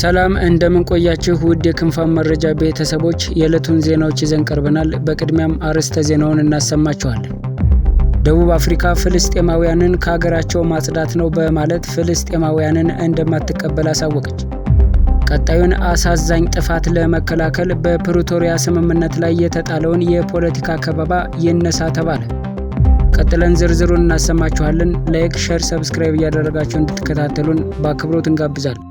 ሰላም እንደምን ቆያችሁ ውድ የክንፋን መረጃ ቤተሰቦች፣ የዕለቱን ዜናዎች ይዘን ቀርበናል። በቅድሚያም አርዕስተ ዜናውን እናሰማችኋለን። ደቡብ አፍሪካ ፍልስጤማውያንን ከሀገራቸው ማጽዳት ነው በማለት ፍልስጤማውያንን እንደማትቀበል አሳወቀች። ቀጣዩን አሳዛኝ ጥፋት ለመከላከል በፕሪቶሪያ ስምምነት ላይ የተጣለውን የፖለቲካ ከበባ ይነሳ ተባለ። ቀጥለን ዝርዝሩን እናሰማችኋለን። ላይክ፣ ሸር፣ ሰብስክራይብ እያደረጋችሁ እንድትከታተሉን በአክብሮት እንጋብዛለን።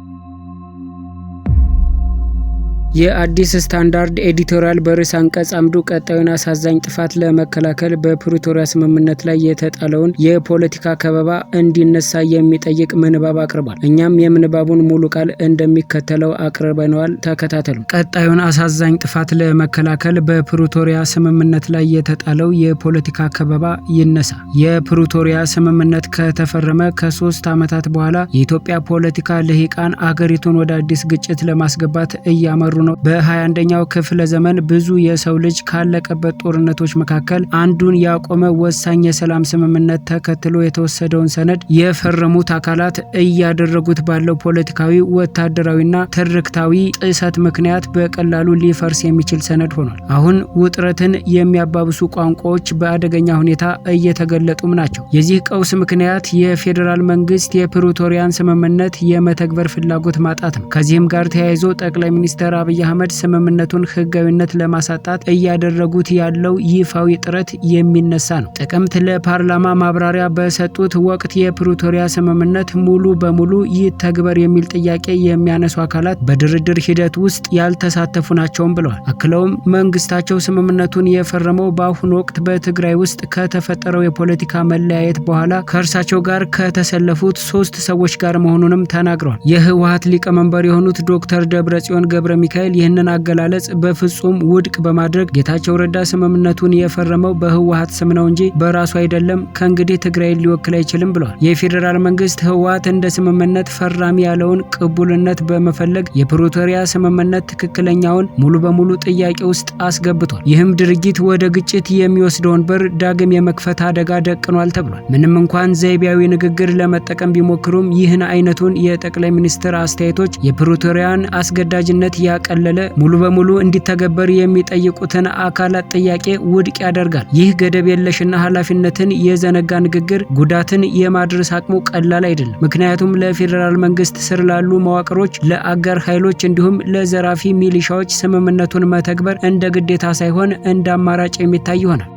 የአዲስ ስታንዳርድ ኤዲቶሪያል በርስ አንቀጽ አምዱ ቀጣዩን አሳዛኝ ጥፋት ለመከላከል በፕሪቶሪያ ስምምነት ላይ የተጣለውን የፖለቲካ ከበባ እንዲነሳ የሚጠይቅ ምንባብ አቅርቧል። እኛም የምንባቡን ሙሉ ቃል እንደሚከተለው አቅርበነዋል፣ ተከታተሉ። ቀጣዩን አሳዛኝ ጥፋት ለመከላከል በፕሪቶሪያ ስምምነት ላይ የተጣለው የፖለቲካ ከበባ ይነሳ። የፕሪቶሪያ ስምምነት ከተፈረመ ከሶስት ዓመታት በኋላ የኢትዮጵያ ፖለቲካ ልሂቃን አገሪቱን ወደ አዲስ ግጭት ለማስገባት እያመሩ ነው። በ21ኛው ክፍለ ዘመን ብዙ የሰው ልጅ ካለቀበት ጦርነቶች መካከል አንዱን ያቆመ ወሳኝ የሰላም ስምምነት ተከትሎ የተወሰደውን ሰነድ የፈረሙት አካላት እያደረጉት ባለው ፖለቲካዊ፣ ወታደራዊና ትርክታዊ ጥሰት ምክንያት በቀላሉ ሊፈርስ የሚችል ሰነድ ሆኗል። አሁን ውጥረትን የሚያባብሱ ቋንቋዎች በአደገኛ ሁኔታ እየተገለጡም ናቸው። የዚህ ቀውስ ምክንያት የፌዴራል መንግስት የፕሪቶሪያን ስምምነት የመተግበር ፍላጎት ማጣት ነው። ከዚህም ጋር ተያይዞ ጠቅላይ ሚኒስትር አብይ አህመድ ስምምነቱን ህጋዊነት ለማሳጣት እያደረጉት ያለው ይፋዊ ጥረት የሚነሳ ነው። ጥቅምት ለፓርላማ ማብራሪያ በሰጡት ወቅት የፕሪቶሪያ ስምምነት ሙሉ በሙሉ ይተግበር የሚል ጥያቄ የሚያነሱ አካላት በድርድር ሂደት ውስጥ ያልተሳተፉ ናቸውም ብለዋል። አክለውም መንግስታቸው ስምምነቱን የፈረመው በአሁኑ ወቅት በትግራይ ውስጥ ከተፈጠረው የፖለቲካ መለያየት በኋላ ከእርሳቸው ጋር ከተሰለፉት ሶስት ሰዎች ጋር መሆኑንም ተናግረዋል። የህወሀት ሊቀመንበር የሆኑት ዶክተር ደብረጽዮን ገብረ ሚካኤል መካከል ይህንን አገላለጽ በፍጹም ውድቅ በማድረግ ጌታቸው ረዳ ስምምነቱን የፈረመው በህወሀት ስም ነው እንጂ በራሱ አይደለም፣ ከእንግዲህ ትግራይን ሊወክል አይችልም ብሏል። የፌዴራል መንግስት ህወሀት እንደ ስምምነት ፈራሚ ያለውን ቅቡልነት በመፈለግ የፕሪቶሪያ ስምምነት ትክክለኛውን ሙሉ በሙሉ ጥያቄ ውስጥ አስገብቷል። ይህም ድርጊት ወደ ግጭት የሚወስደውን በር ዳግም የመክፈት አደጋ ደቅኗል ተብሏል። ምንም እንኳን ዘይቤያዊ ንግግር ለመጠቀም ቢሞክሩም ይህን አይነቱን የጠቅላይ ሚኒስትር አስተያየቶች የፕሪቶሪያን አስገዳጅነት ያቀ እያቀለለ ሙሉ በሙሉ እንዲተገበር የሚጠይቁትን አካላት ጥያቄ ውድቅ ያደርጋል። ይህ ገደብ የለሽና ኃላፊነትን የዘነጋ ንግግር ጉዳትን የማድረስ አቅሙ ቀላል አይደለም። ምክንያቱም ለፌዴራል መንግስት ስር ላሉ መዋቅሮች፣ ለአጋር ኃይሎች እንዲሁም ለዘራፊ ሚሊሻዎች ስምምነቱን መተግበር እንደ ግዴታ ሳይሆን እንደ አማራጭ የሚታይ ይሆናል።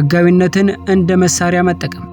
ህጋዊነትን እንደ መሳሪያ መጠቀም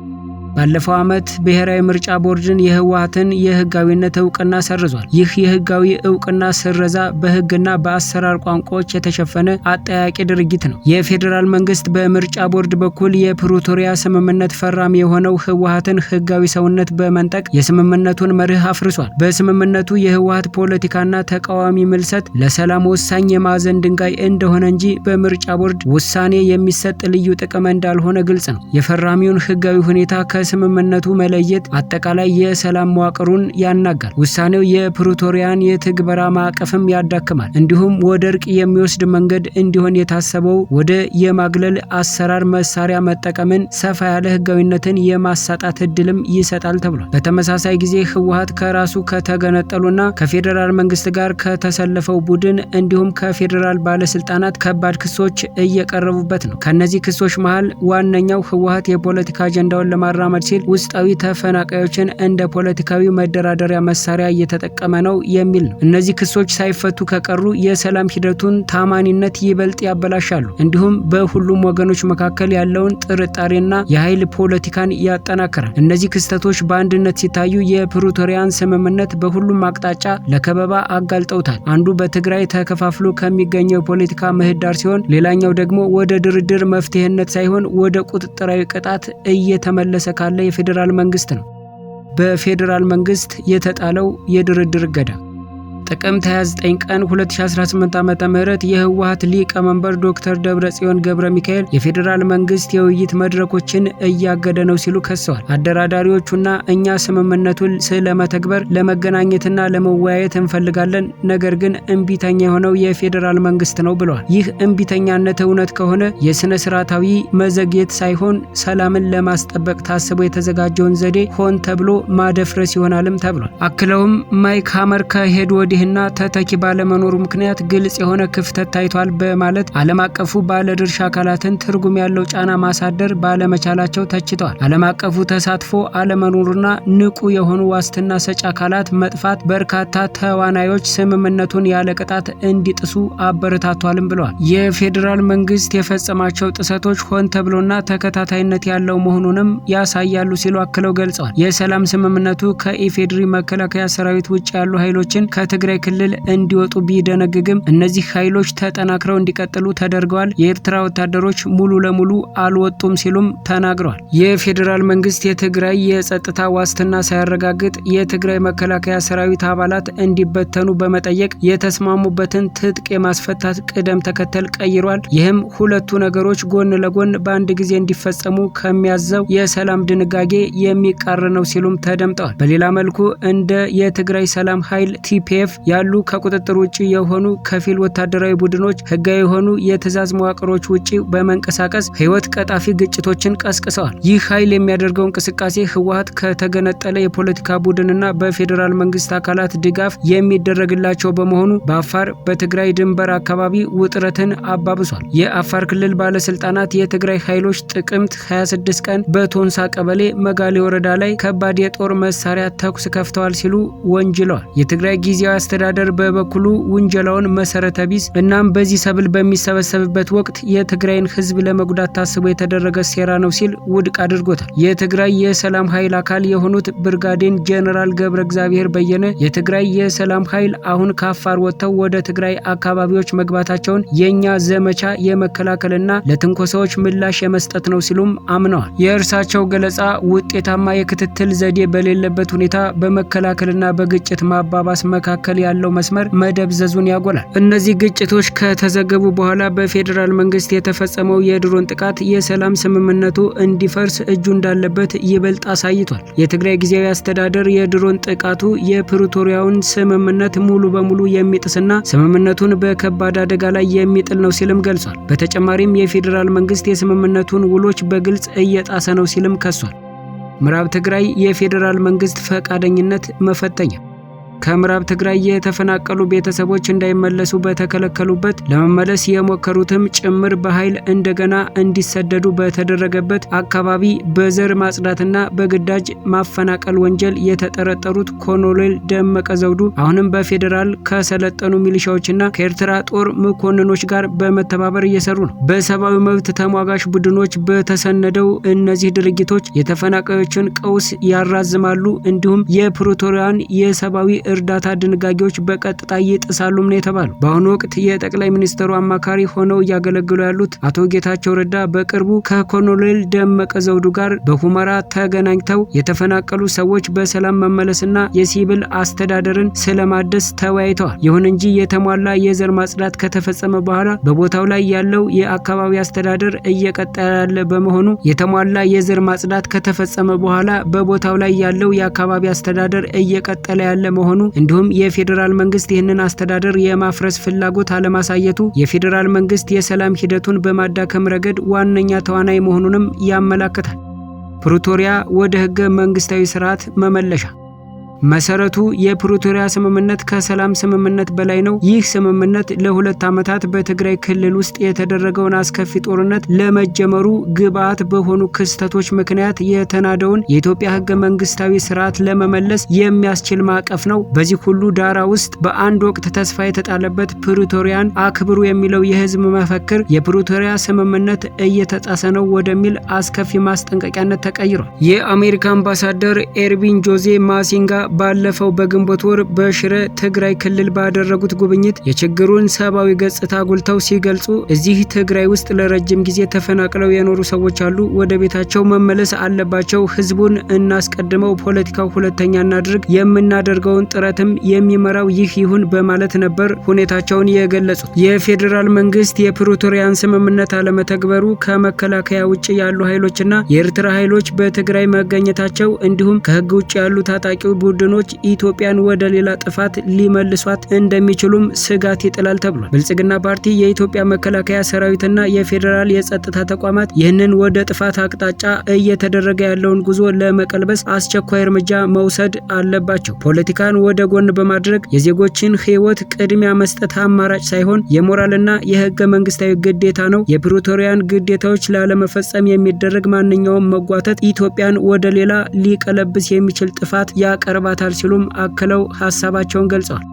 ባለፈው ዓመት ብሔራዊ ምርጫ ቦርድን የህወሓትን የህጋዊነት እውቅና ሰርዟል። ይህ የህጋዊ እውቅና ስረዛ በህግና በአሰራር ቋንቋዎች የተሸፈነ አጠያቂ ድርጊት ነው። የፌዴራል መንግስት በምርጫ ቦርድ በኩል የፕሪቶሪያ ስምምነት ፈራሚ የሆነው ህወሓትን ህጋዊ ሰውነት በመንጠቅ የስምምነቱን መርህ አፍርሷል። በስምምነቱ የህወሓት ፖለቲካና ተቃዋሚ ምልሰት ለሰላም ወሳኝ የማዕዘን ድንጋይ እንደሆነ እንጂ በምርጫ ቦርድ ውሳኔ የሚሰጥ ልዩ ጥቅም እንዳልሆነ ግልጽ ነው። የፈራሚውን ህጋዊ ሁኔታ ከ ከስምምነቱ መለየት አጠቃላይ የሰላም መዋቅሩን ያናጋል። ውሳኔው የፕሪቶሪያን የትግበራ ማዕቀፍም ያዳክማል። እንዲሁም ወደ እርቅ የሚወስድ መንገድ እንዲሆን የታሰበው ወደ የማግለል አሰራር መሳሪያ መጠቀምን ሰፋ ያለ ህጋዊነትን የማሳጣት እድልም ይሰጣል ተብሏል። በተመሳሳይ ጊዜ ህወሀት ከራሱ ከተገነጠሉና ከፌዴራል መንግስት ጋር ከተሰለፈው ቡድን እንዲሁም ከፌዴራል ባለስልጣናት ከባድ ክሶች እየቀረቡበት ነው። ከእነዚህ ክሶች መሀል ዋነኛው ህወሀት የፖለቲካ አጀንዳውን ለማራመድ ለመራመድ ሲል ውስጣዊ ተፈናቃዮችን እንደ ፖለቲካዊ መደራደሪያ መሳሪያ እየተጠቀመ ነው የሚል ነው። እነዚህ ክሶች ሳይፈቱ ከቀሩ የሰላም ሂደቱን ታማኒነት ይበልጥ ያበላሻሉ፣ እንዲሁም በሁሉም ወገኖች መካከል ያለውን ጥርጣሬና የኃይል ፖለቲካን ያጠናክራል። እነዚህ ክስተቶች በአንድነት ሲታዩ የፕሪቶሪያን ስምምነት በሁሉም አቅጣጫ ለከበባ አጋልጠውታል። አንዱ በትግራይ ተከፋፍሎ ከሚገኘው የፖለቲካ ምህዳር ሲሆን፣ ሌላኛው ደግሞ ወደ ድርድር መፍትሄነት ሳይሆን ወደ ቁጥጥራዊ ቅጣት እየተመለሰ ካለ የፌዴራል መንግስት ነው። በፌዴራል መንግስት የተጣለው የድርድር እገዳ ጥቅምት 29 ቀን 2018 ዓ.ም የህወሀት ሊቀመንበር ዶክተር ደብረጽዮን ገብረ ሚካኤል የፌዴራል መንግስት የውይይት መድረኮችን እያገደ ነው ሲሉ ከሰዋል። አደራዳሪዎቹና እኛ ስምምነቱን ስለመተግበር ለመገናኘትና ለመወያየት እንፈልጋለን፣ ነገር ግን እምቢተኛ የሆነው የፌዴራል መንግስት ነው ብለዋል። ይህ እምቢተኛነት እውነት ከሆነ የሥነ ስርዓታዊ መዘግየት ሳይሆን ሰላምን ለማስጠበቅ ታስቦ የተዘጋጀውን ዘዴ ሆን ተብሎ ማደፍረስ ይሆናልም ተብሏል። አክለውም ማይክ ሀመር ከሄድ ወዲህ መፍትሄና ተተኪ ባለመኖሩ ምክንያት ግልጽ የሆነ ክፍተት ታይቷል በማለት ዓለም አቀፉ ባለድርሻ አካላትን ትርጉም ያለው ጫና ማሳደር ባለመቻላቸው ተችተዋል። ዓለም አቀፉ ተሳትፎ አለመኖሩና ንቁ የሆኑ ዋስትና ሰጪ አካላት መጥፋት በርካታ ተዋናዮች ስምምነቱን ያለ ቅጣት እንዲጥሱ አበረታቷልም ብለዋል። የፌዴራል መንግስት የፈጸማቸው ጥሰቶች ሆን ተብሎና ተከታታይነት ያለው መሆኑንም ያሳያሉ ሲሉ አክለው ገልጸዋል። የሰላም ስምምነቱ ከኢፌዴሪ መከላከያ ሰራዊት ውጭ ያሉ ኃይሎችን ከትግ ከትግራይ ክልል እንዲወጡ ቢደነግግም እነዚህ ኃይሎች ተጠናክረው እንዲቀጥሉ ተደርገዋል። የኤርትራ ወታደሮች ሙሉ ለሙሉ አልወጡም ሲሉም ተናግረዋል። የፌዴራል መንግስት የትግራይ የጸጥታ ዋስትና ሳያረጋግጥ የትግራይ መከላከያ ሰራዊት አባላት እንዲበተኑ በመጠየቅ የተስማሙበትን ትጥቅ የማስፈታት ቅደም ተከተል ቀይሯል። ይህም ሁለቱ ነገሮች ጎን ለጎን በአንድ ጊዜ እንዲፈጸሙ ከሚያዘው የሰላም ድንጋጌ የሚቃረን ነው ሲሉም ተደምጠዋል። በሌላ መልኩ እንደ የትግራይ ሰላም ኃይል ቲፒኤፍ ያሉ ከቁጥጥር ውጭ የሆኑ ከፊል ወታደራዊ ቡድኖች ህጋዊ የሆኑ የትዕዛዝ መዋቅሮች ውጭ በመንቀሳቀስ ህይወት ቀጣፊ ግጭቶችን ቀስቅሰዋል። ይህ ኃይል የሚያደርገው እንቅስቃሴ ህወሀት ከተገነጠለ የፖለቲካ ቡድንና በፌዴራል መንግስት አካላት ድጋፍ የሚደረግላቸው በመሆኑ በአፋር በትግራይ ድንበር አካባቢ ውጥረትን አባብሷል። የአፋር ክልል ባለስልጣናት የትግራይ ኃይሎች ጥቅምት 26 ቀን በቶንሳ ቀበሌ መጋሌ ወረዳ ላይ ከባድ የጦር መሳሪያ ተኩስ ከፍተዋል ሲሉ ወንጅለዋል። የትግራይ ጊዜያዊ አስተዳደር በበኩሉ ውንጀላውን መሰረተ ቢስ እናም በዚህ ሰብል በሚሰበሰብበት ወቅት የትግራይን ሕዝብ ለመጉዳት ታስቦ የተደረገ ሴራ ነው ሲል ውድቅ አድርጎታል። የትግራይ የሰላም ኃይል አካል የሆኑት ብርጋዴን ጄኔራል ገብረ እግዚአብሔር በየነ የትግራይ የሰላም ኃይል አሁን ከአፋር ወጥተው ወደ ትግራይ አካባቢዎች መግባታቸውን የእኛ ዘመቻ የመከላከልና ለትንኮሳዎች ምላሽ የመስጠት ነው ሲሉም አምነዋል። የእርሳቸው ገለጻ ውጤታማ የክትትል ዘዴ በሌለበት ሁኔታ በመከላከልና በግጭት ማባባስ መካከል መካከል ያለው መስመር መደብዘዙን ያጎላል። እነዚህ ግጭቶች ከተዘገቡ በኋላ በፌዴራል መንግስት የተፈጸመው የድሮን ጥቃት የሰላም ስምምነቱ እንዲፈርስ እጁ እንዳለበት ይበልጥ አሳይቷል። የትግራይ ጊዜያዊ አስተዳደር የድሮን ጥቃቱ የፕሪቶሪያውን ስምምነት ሙሉ በሙሉ የሚጥስና ስምምነቱን በከባድ አደጋ ላይ የሚጥል ነው ሲልም ገልጿል። በተጨማሪም የፌዴራል መንግስት የስምምነቱን ውሎች በግልጽ እየጣሰ ነው ሲልም ከሷል። ምዕራብ ትግራይ የፌዴራል መንግስት ፈቃደኝነት መፈተኛ ከምዕራብ ትግራይ የተፈናቀሉ ቤተሰቦች እንዳይመለሱ በተከለከሉበት ለመመለስ የሞከሩትም ጭምር በኃይል እንደገና እንዲሰደዱ በተደረገበት አካባቢ በዘር ማጽዳትና በግዳጅ ማፈናቀል ወንጀል የተጠረጠሩት ኮሎኔል ደመቀ ዘውዱ አሁንም በፌዴራል ከሰለጠኑ ሚሊሻዎችና ከኤርትራ ጦር መኮንኖች ጋር በመተባበር እየሰሩ ነው። በሰብአዊ መብት ተሟጋች ቡድኖች በተሰነደው እነዚህ ድርጊቶች የተፈናቃዮችን ቀውስ ያራዝማሉ፣ እንዲሁም የፕሪቶሪያን የሰብአዊ እርዳታ ድንጋጌዎች በቀጥታ ይጥሳሉም ነው የተባለው። በአሁኑ ወቅት የጠቅላይ ሚኒስትሩ አማካሪ ሆነው እያገለግሉ ያሉት አቶ ጌታቸው ረዳ በቅርቡ ከኮሎኔል ደመቀ ዘውዱ ጋር በሁመራ ተገናኝተው የተፈናቀሉ ሰዎች በሰላም መመለስና የሲቪል አስተዳደርን ስለማደስ ተወያይተዋል። ይሁን እንጂ የተሟላ የዘር ማጽዳት ከተፈጸመ በኋላ በቦታው ላይ ያለው የአካባቢ አስተዳደር እየቀጠለ ያለ በመሆኑ የተሟላ የዘር ማጽዳት ከተፈጸመ በኋላ በቦታው ላይ ያለው የአካባቢ አስተዳደር እየቀጠለ ያለ መሆኑ መሆኑ እንዲሁም የፌዴራል መንግስት ይህንን አስተዳደር የማፍረስ ፍላጎት አለማሳየቱ የፌዴራል መንግስት የሰላም ሂደቱን በማዳከም ረገድ ዋነኛ ተዋናይ መሆኑንም ያመላክታል። ፕሪቶሪያ ወደ ህገ መንግስታዊ ስርዓት መመለሻ መሰረቱ የፕሪቶሪያ ስምምነት ከሰላም ስምምነት በላይ ነው። ይህ ስምምነት ለሁለት ዓመታት በትግራይ ክልል ውስጥ የተደረገውን አስከፊ ጦርነት ለመጀመሩ ግብአት በሆኑ ክስተቶች ምክንያት የተናደውን የኢትዮጵያ ህገ መንግስታዊ ስርዓት ለመመለስ የሚያስችል ማዕቀፍ ነው። በዚህ ሁሉ ዳራ ውስጥ በአንድ ወቅት ተስፋ የተጣለበት ፕሪቶሪያን አክብሩ የሚለው የህዝብ መፈክር የፕሪቶሪያ ስምምነት እየተጣሰ ነው ወደሚል አስከፊ ማስጠንቀቂያነት ተቀይሯል። የአሜሪካ አምባሳደር ኤርቪን ጆዜ ማሲንጋ ባለፈው በግንቦት ወር በሽረ ትግራይ ክልል ባደረጉት ጉብኝት የችግሩን ሰብአዊ ገጽታ ጎልተው ሲገልጹ እዚህ ትግራይ ውስጥ ለረጅም ጊዜ ተፈናቅለው የኖሩ ሰዎች አሉ፣ ወደ ቤታቸው መመለስ አለባቸው። ህዝቡን እናስቀድመው፣ ፖለቲካው ሁለተኛ እናድርግ፣ የምናደርገውን ጥረትም የሚመራው ይህ ይሁን በማለት ነበር ሁኔታቸውን የገለጹት። የፌዴራል መንግስት የፕሪቶሪያን ስምምነት አለመተግበሩ ከመከላከያ ውጭ ያሉ ኃይሎችና የኤርትራ ኃይሎች በትግራይ መገኘታቸው እንዲሁም ከህግ ውጭ ያሉ ታጣቂ ቡድ ቡድኖች ኢትዮጵያን ወደ ሌላ ጥፋት ሊመልሷት እንደሚችሉም ስጋት ይጥላል ተብሏል። ብልጽግና ፓርቲ የኢትዮጵያ መከላከያ ሰራዊትና የፌዴራል የጸጥታ ተቋማት ይህንን ወደ ጥፋት አቅጣጫ እየተደረገ ያለውን ጉዞ ለመቀልበስ አስቸኳይ እርምጃ መውሰድ አለባቸው። ፖለቲካን ወደ ጎን በማድረግ የዜጎችን ሕይወት ቅድሚያ መስጠት አማራጭ ሳይሆን የሞራልና የህገ መንግስታዊ ግዴታ ነው። የፕሪቶሪያን ግዴታዎች ላለመፈጸም የሚደረግ ማንኛውም መጓተት ኢትዮጵያን ወደ ሌላ ሊቀለብስ የሚችል ጥፋት ያቀርባል ይገባታል ሲሉም አክለው ሀሳባቸውን ገልጸዋል።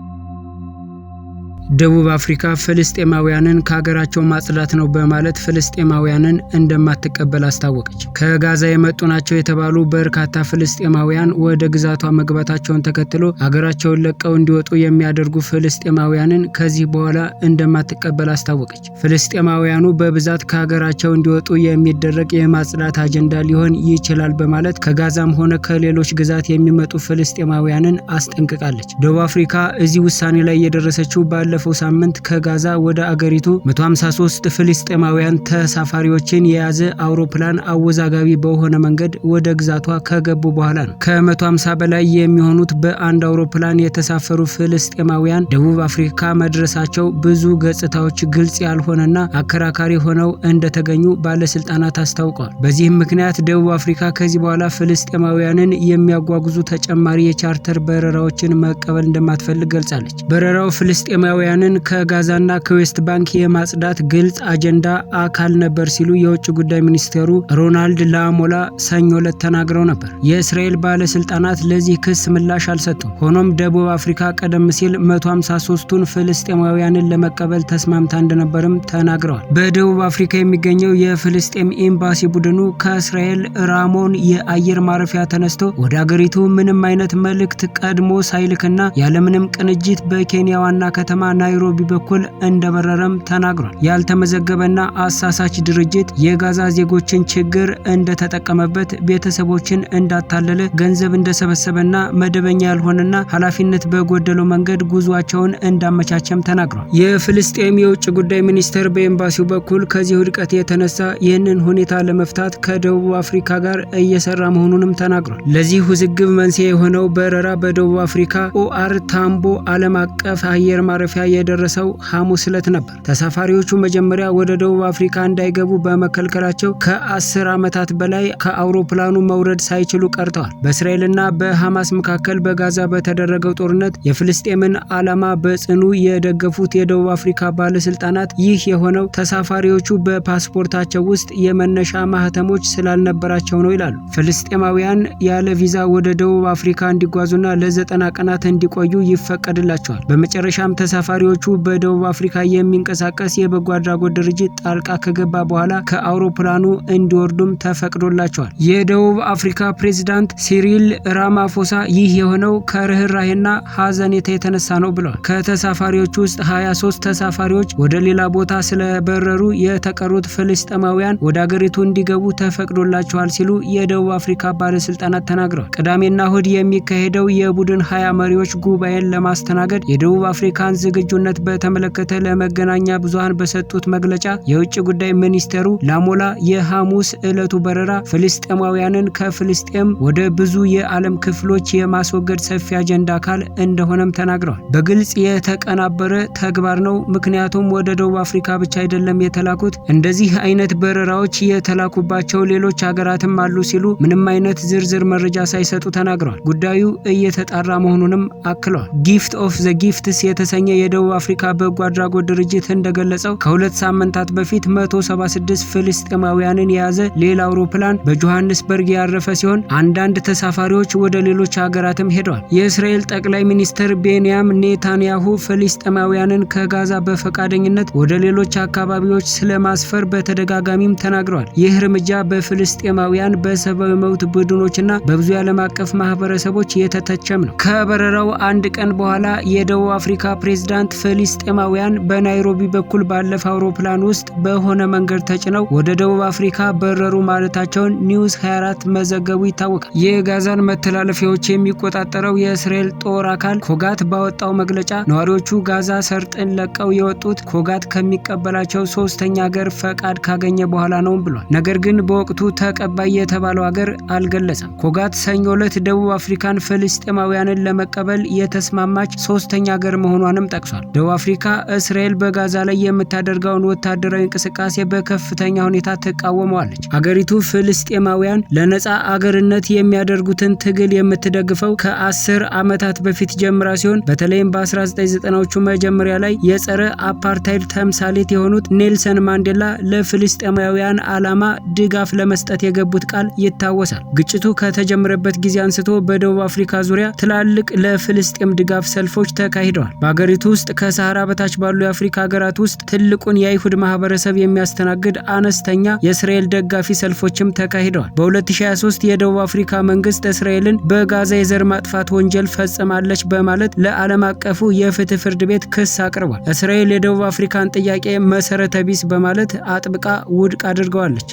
ደቡብ አፍሪካ ፍልስጤማውያንን ከሀገራቸው ማጽዳት ነው በማለት ፍልስጤማውያንን እንደማትቀበል አስታወቀች። ከጋዛ የመጡ ናቸው የተባሉ በርካታ ፍልስጤማውያን ወደ ግዛቷ መግባታቸውን ተከትሎ ሀገራቸውን ለቀው እንዲወጡ የሚያደርጉ ፍልስጤማውያንን ከዚህ በኋላ እንደማትቀበል አስታወቀች። ፍልስጤማውያኑ በብዛት ከሀገራቸው እንዲወጡ የሚደረግ የማጽዳት አጀንዳ ሊሆን ይችላል በማለት ከጋዛም ሆነ ከሌሎች ግዛት የሚመጡ ፍልስጤማውያንን አስጠንቅቃለች። ደቡብ አፍሪካ እዚህ ውሳኔ ላይ የደረሰችው ባለ ባለፈው ሳምንት ከጋዛ ወደ አገሪቱ 153 ፍልስጤማውያን ተሳፋሪዎችን የያዘ አውሮፕላን አወዛጋቢ በሆነ መንገድ ወደ ግዛቷ ከገቡ በኋላ ነው። ከ150 በላይ የሚሆኑት በአንድ አውሮፕላን የተሳፈሩ ፍልስጤማውያን ደቡብ አፍሪካ መድረሳቸው ብዙ ገጽታዎች ግልጽ ያልሆነና አከራካሪ ሆነው እንደተገኙ ባለስልጣናት አስታውቀዋል። በዚህም ምክንያት ደቡብ አፍሪካ ከዚህ በኋላ ፍልስጤማውያንን የሚያጓጉዙ ተጨማሪ የቻርተር በረራዎችን መቀበል እንደማትፈልግ ገልጻለች። በረራው ፍልስጤማውያን ኢትዮጵያውያንን ከጋዛና ከዌስት ባንክ የማጽዳት ግልጽ አጀንዳ አካል ነበር ሲሉ የውጭ ጉዳይ ሚኒስቴሩ ሮናልድ ላሞላ ሰኞ ዕለት ተናግረው ነበር። የእስራኤል ባለስልጣናት ለዚህ ክስ ምላሽ አልሰጡም። ሆኖም ደቡብ አፍሪካ ቀደም ሲል 153ቱን ፍልስጤማውያንን ለመቀበል ተስማምታ እንደነበርም ተናግረዋል። በደቡብ አፍሪካ የሚገኘው የፍልስጤም ኤምባሲ ቡድኑ ከእስራኤል ራሞን የአየር ማረፊያ ተነስቶ ወደ አገሪቱ ምንም አይነት መልእክት ቀድሞ ሳይልክና ያለምንም ቅንጅት በኬንያ ዋና ከተማ በናይሮቢ በኩል እንደበረረም ተናግሯል። ያልተመዘገበና አሳሳች ድርጅት የጋዛ ዜጎችን ችግር እንደተጠቀመበት ቤተሰቦችን እንዳታለለ ገንዘብ እንደሰበሰበና መደበኛ ያልሆነና ኃላፊነት በጎደለው መንገድ ጉዟቸውን እንዳመቻቸም ተናግሯል። የፍልስጤም የውጭ ጉዳይ ሚኒስቴር በኤምባሲው በኩል ከዚህ ውድቀት የተነሳ ይህንን ሁኔታ ለመፍታት ከደቡብ አፍሪካ ጋር እየሰራ መሆኑንም ተናግሯል። ለዚህ ውዝግብ መንስኤ የሆነው በረራ በደቡብ አፍሪካ ኦአር ታምቦ ዓለም አቀፍ አየር ማረፊያ የደረሰው ሐሙስ ዕለት ነበር። ተሳፋሪዎቹ መጀመሪያ ወደ ደቡብ አፍሪካ እንዳይገቡ በመከልከላቸው ከአስር ዓመታት በላይ ከአውሮፕላኑ መውረድ ሳይችሉ ቀርተዋል። በእስራኤልና በሐማስ መካከል በጋዛ በተደረገው ጦርነት የፍልስጤምን ዓላማ በጽኑ የደገፉት የደቡብ አፍሪካ ባለስልጣናት ይህ የሆነው ተሳፋሪዎቹ በፓስፖርታቸው ውስጥ የመነሻ ማህተሞች ስላልነበራቸው ነው ይላሉ። ፍልስጤማውያን ያለ ቪዛ ወደ ደቡብ አፍሪካ እንዲጓዙና ለዘጠና ቀናት እንዲቆዩ ይፈቀድላቸዋል። በመጨረሻም ተሳፋሪ ተሳፋሪዎቹ በደቡብ አፍሪካ የሚንቀሳቀስ የበጎ አድራጎት ድርጅት ጣልቃ ከገባ በኋላ ከአውሮፕላኑ እንዲወርዱም ተፈቅዶላቸዋል። የደቡብ አፍሪካ ፕሬዚዳንት ሲሪል ራማፎሳ ይህ የሆነው ከርኅራሄና ሀዘኔታ የተነሳ ነው ብለዋል። ከተሳፋሪዎቹ ውስጥ 23 ተሳፋሪዎች ወደ ሌላ ቦታ ስለበረሩ የተቀሩት ፍልስጤማውያን ወደ አገሪቱ እንዲገቡ ተፈቅዶላቸዋል ሲሉ የደቡብ አፍሪካ ባለስልጣናት ተናግረዋል። ቅዳሜና እሁድ የሚካሄደው የቡድን ሀያ መሪዎች ጉባኤን ለማስተናገድ የደቡብ አፍሪካን ዝግ ዝግጁነት በተመለከተ ለመገናኛ ብዙሃን በሰጡት መግለጫ የውጭ ጉዳይ ሚኒስቴሩ ላሞላ የሐሙስ ዕለቱ በረራ ፍልስጤማውያንን ከፍልስጤም ወደ ብዙ የዓለም ክፍሎች የማስወገድ ሰፊ አጀንዳ አካል እንደሆነም ተናግረዋል። በግልጽ የተቀናበረ ተግባር ነው፣ ምክንያቱም ወደ ደቡብ አፍሪካ ብቻ አይደለም የተላኩት እንደዚህ አይነት በረራዎች የተላኩባቸው ሌሎች ሀገራትም አሉ ሲሉ ምንም አይነት ዝርዝር መረጃ ሳይሰጡ ተናግረዋል። ጉዳዩ እየተጣራ መሆኑንም አክለዋል። ጊፍት ኦፍ ዘ ጊፍትስ የተሰኘ የደቡብ አፍሪካ በጎ አድራጎት ድርጅት እንደገለጸው ከሁለት ሳምንታት በፊት 176 ፍልስጤማውያንን የያዘ ሌላ አውሮፕላን በጆሐንስበርግ ያረፈ ሲሆን አንዳንድ ተሳፋሪዎች ወደ ሌሎች ሀገራትም ሄደዋል። የእስራኤል ጠቅላይ ሚኒስትር ቤንያም ኔታንያሁ ፍልስጤማውያንን ከጋዛ በፈቃደኝነት ወደ ሌሎች አካባቢዎች ስለማስፈር በተደጋጋሚም ተናግረዋል። ይህ እርምጃ በፍልስጤማውያን በሰብአዊ መብት ቡድኖችና በብዙ የዓለም አቀፍ ማህበረሰቦች የተተቸም ነው። ከበረራው አንድ ቀን በኋላ የደቡብ አፍሪካ ፕሬዝዳንት ትናንት ፍልስጤማውያን በናይሮቢ በኩል ባለፈ አውሮፕላን ውስጥ በሆነ መንገድ ተጭነው ወደ ደቡብ አፍሪካ በረሩ ማለታቸውን ኒውስ 24 መዘገቡ ይታወቃል። የጋዛን መተላለፊያዎች የሚቆጣጠረው የእስራኤል ጦር አካል ኮጋት ባወጣው መግለጫ ነዋሪዎቹ ጋዛ ሰርጥን ለቀው የወጡት ኮጋት ከሚቀበላቸው ሶስተኛ ሀገር ፈቃድ ካገኘ በኋላ ነው ብሏል። ነገር ግን በወቅቱ ተቀባይ የተባለው ሀገር አልገለጸም። ኮጋት ሰኞ ዕለት ደቡብ አፍሪካን ፍልስጤማውያንን ለመቀበል የተስማማች ሶስተኛ ሀገር መሆኗንም ጠቅሷል። ይደግፋል። ደቡብ አፍሪካ እስራኤል በጋዛ ላይ የምታደርገውን ወታደራዊ እንቅስቃሴ በከፍተኛ ሁኔታ ትቃወመዋለች። አገሪቱ ፍልስጤማውያን ለነፃ አገርነት የሚያደርጉትን ትግል የምትደግፈው ከአስር ዓመታት በፊት ጀምራ ሲሆን በተለይም በ1990ዎቹ መጀመሪያ ላይ የጸረ አፓርታይድ ተምሳሌት የሆኑት ኔልሰን ማንዴላ ለፍልስጤማውያን ዓላማ ድጋፍ ለመስጠት የገቡት ቃል ይታወሳል። ግጭቱ ከተጀመረበት ጊዜ አንስቶ በደቡብ አፍሪካ ዙሪያ ትላልቅ ለፍልስጤም ድጋፍ ሰልፎች ተካሂደዋል። በአገሪቱ ውስጥ ከሰሃራ በታች ባሉ የአፍሪካ ሀገራት ውስጥ ትልቁን የአይሁድ ማህበረሰብ የሚያስተናግድ አነስተኛ የእስራኤል ደጋፊ ሰልፎችም ተካሂደዋል። በ2023 የደቡብ አፍሪካ መንግስት እስራኤልን በጋዛ የዘር ማጥፋት ወንጀል ፈጽማለች በማለት ለዓለም አቀፉ የፍትህ ፍርድ ቤት ክስ አቅርቧል። እስራኤል የደቡብ አፍሪካን ጥያቄ መሰረተ ቢስ በማለት አጥብቃ ውድቅ አድርገዋለች።